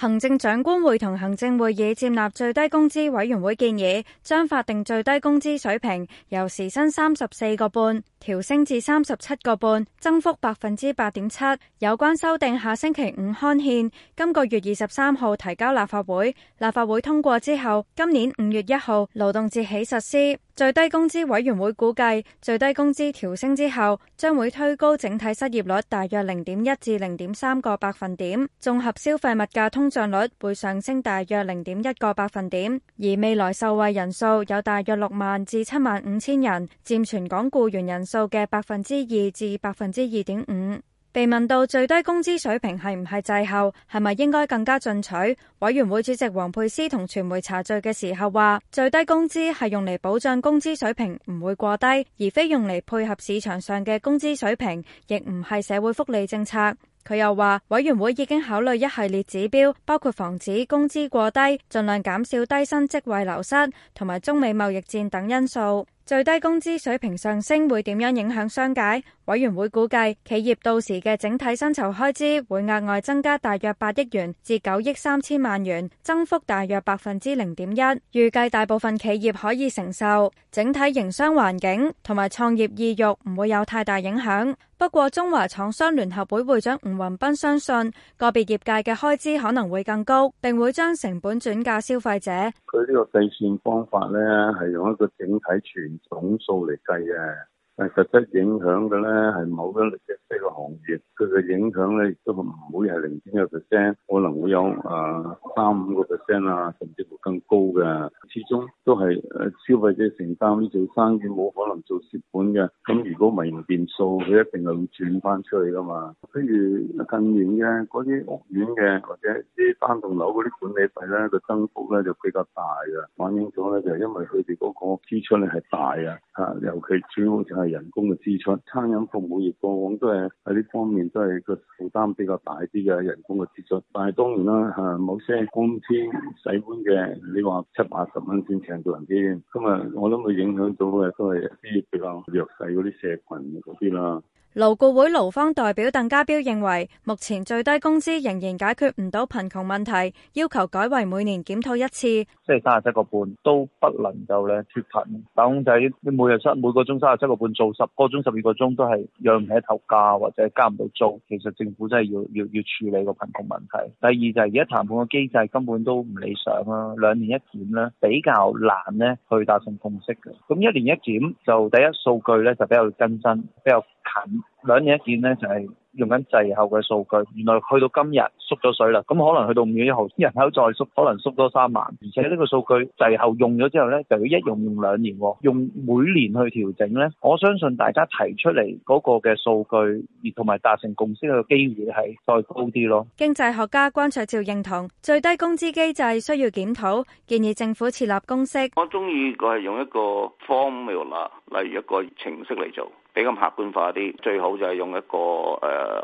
行政長官會同行政會議接納最低工資委員會建議，將法定最低工資水平由時薪三十四個半調升至三十七個半，增幅百分之八點七。有關修訂下星期五刊憲，今個月二十三號提交立法會，立法會通過之後，今年五月一號勞動節起實施。最低工資委員會估計，最低工資調升之後，將會推高整體失業率大約零點一至零點三個百分點，綜合消費物價通脹率會上升大約零點一個百分點，而未來受惠人數有大約六萬至七萬五千人，佔全港僱員人數嘅百分之二至百分之二點五。被問到最低工資水平係唔係滯後，係咪應該更加進取？委員會主席王沛詩同傳媒茶敘嘅時候話，最低工資係用嚟保障工資水平唔會過低，而非用嚟配合市場上嘅工資水平，亦唔係社會福利政策。佢又話，委員會已經考慮一系列指標，包括防止工資過低，盡量減少低薪職位流失，同埋中美貿易戰等因素。最低工資水平上升會點樣影響商界？委員會估計企業到時嘅整體薪酬開支會額外增加大約八億元至九億三千萬元，增幅大約百分之零點一。預計大部分企業可以承受，整體營商環境同埋創業意欲唔會有太大影響。不過中華廠商聯合會會長吳宏斌相信，個別業界嘅開支可能會更高，並會將成本轉嫁消費者。佢呢個計算方法呢係用一個整體全。總數嚟計啊，但係實質影響嘅咧，係某一，即係呢個行業，佢嘅影響咧，亦都唔會係零點一個 percent，可能會有啊三五個 percent 啊，甚至乎更高嘅。始終都係誒消費者承擔，做生意冇可能做蝕本嘅。咁如果唔完變數，佢一定係會轉翻出去㗎嘛。譬如近年嘅嗰啲屋苑嘅或者啲單棟樓嗰啲管理費咧，個增幅咧就比較大嘅，反映咗咧就係、是、因為佢哋嗰個支出咧係大啊，嚇，尤其主要就係人工嘅支出。餐飲服務業過往都係喺呢方面都係個負擔比較大啲嘅人工嘅支出，但係當然啦嚇、啊，某些公司洗碗嘅，你話七八十蚊先請到人先，今日我諗會影響到嘅都係一啲比較弱勢嗰啲社群嗰啲啦。 勞顧會勞方代表鄧家彪認為，目前最低工資仍然解決唔到貧窮問題，要求改為每年檢討一次，即係三十七個半都不能夠咧，脱貧打工仔，你每日七每個鐘三十七個半做十個鐘十二個鐘都係養唔起頭家，或者交唔到租。其實政府真係要要要處理個貧窮問題。第二就係而家談判個機制根本都唔理想啦、啊，兩年一檢咧比較難咧去達成共識嘅。咁一年一檢就第一數據咧就比較更新，比較。行兩年一檢呢就係、是、用緊滯後嘅數據。原來去到今日縮咗水啦，咁可能去到五月一號人口再縮，可能縮多三萬。而且呢個數據滯後用咗之後呢，就要一用用兩年，用每年去調整呢，我相信大家提出嚟嗰個嘅數據，而同埋達成共識嘅機會係再高啲咯。經濟學家關焯照認同最低工資機制需要檢討，建議政府設立公式。我中意佢係用一個 formula，例如一個程式嚟做。比較客觀化啲，最好就係用一個誒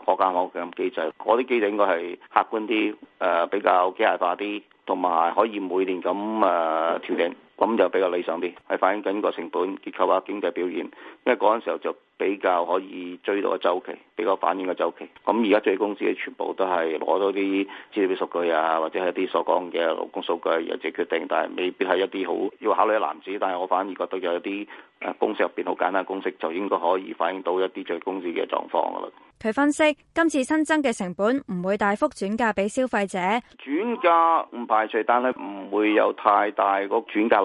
可加可減機制，嗰啲機制應該係客觀啲，誒、呃、比較機械化啲，同埋可以每年咁誒調整。呃咁就比較理想啲，係反映緊個成本結構啊、經濟表現。因為嗰陣時候就比較可以追到個周期，比較反映個周期。咁而家最低工資嘅全部都係攞多啲資料嘅數據啊，或者係一啲所講嘅勞工數據嚟做決定，但係未必係一啲好要考慮嘅男子。但係我反而覺得有一啲誒公式入邊好簡單嘅公式，就應該可以反映到一啲最低工資嘅狀況㗎啦。佢分析今次新增嘅成本唔會大幅轉嫁俾消費者，轉嫁唔排除，但係唔會有太大個轉嫁。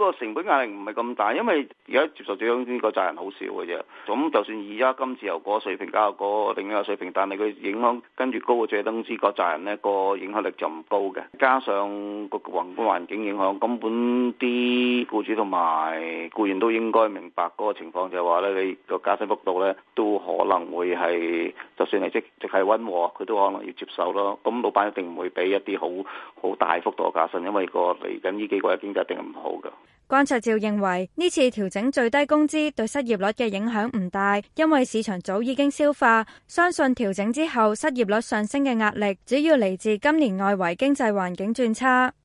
個成本壓力唔係咁大，因為而家接受最低工資個責任好少嘅啫。咁就算而家今次由嗰個水平加個定額水平，但係佢影響跟住高嘅最低工資個責任呢個影響力就唔高嘅。加上個宏觀環境影響，根本啲僱主同埋僱員都應該明白嗰個情況，就係話咧，你個加薪幅度咧都可能會係，就算係即、即係溫和，佢都可能要接受咯。咁老闆一定唔會俾一啲好好大幅度嘅加薪，因為個嚟緊呢幾個月經濟一定唔好嘅。關卓照認為呢次調整最低工資對失業率嘅影響唔大，因為市場早已經消化，相信調整之後失業率上升嘅壓力主要嚟自今年外圍經濟環境轉差。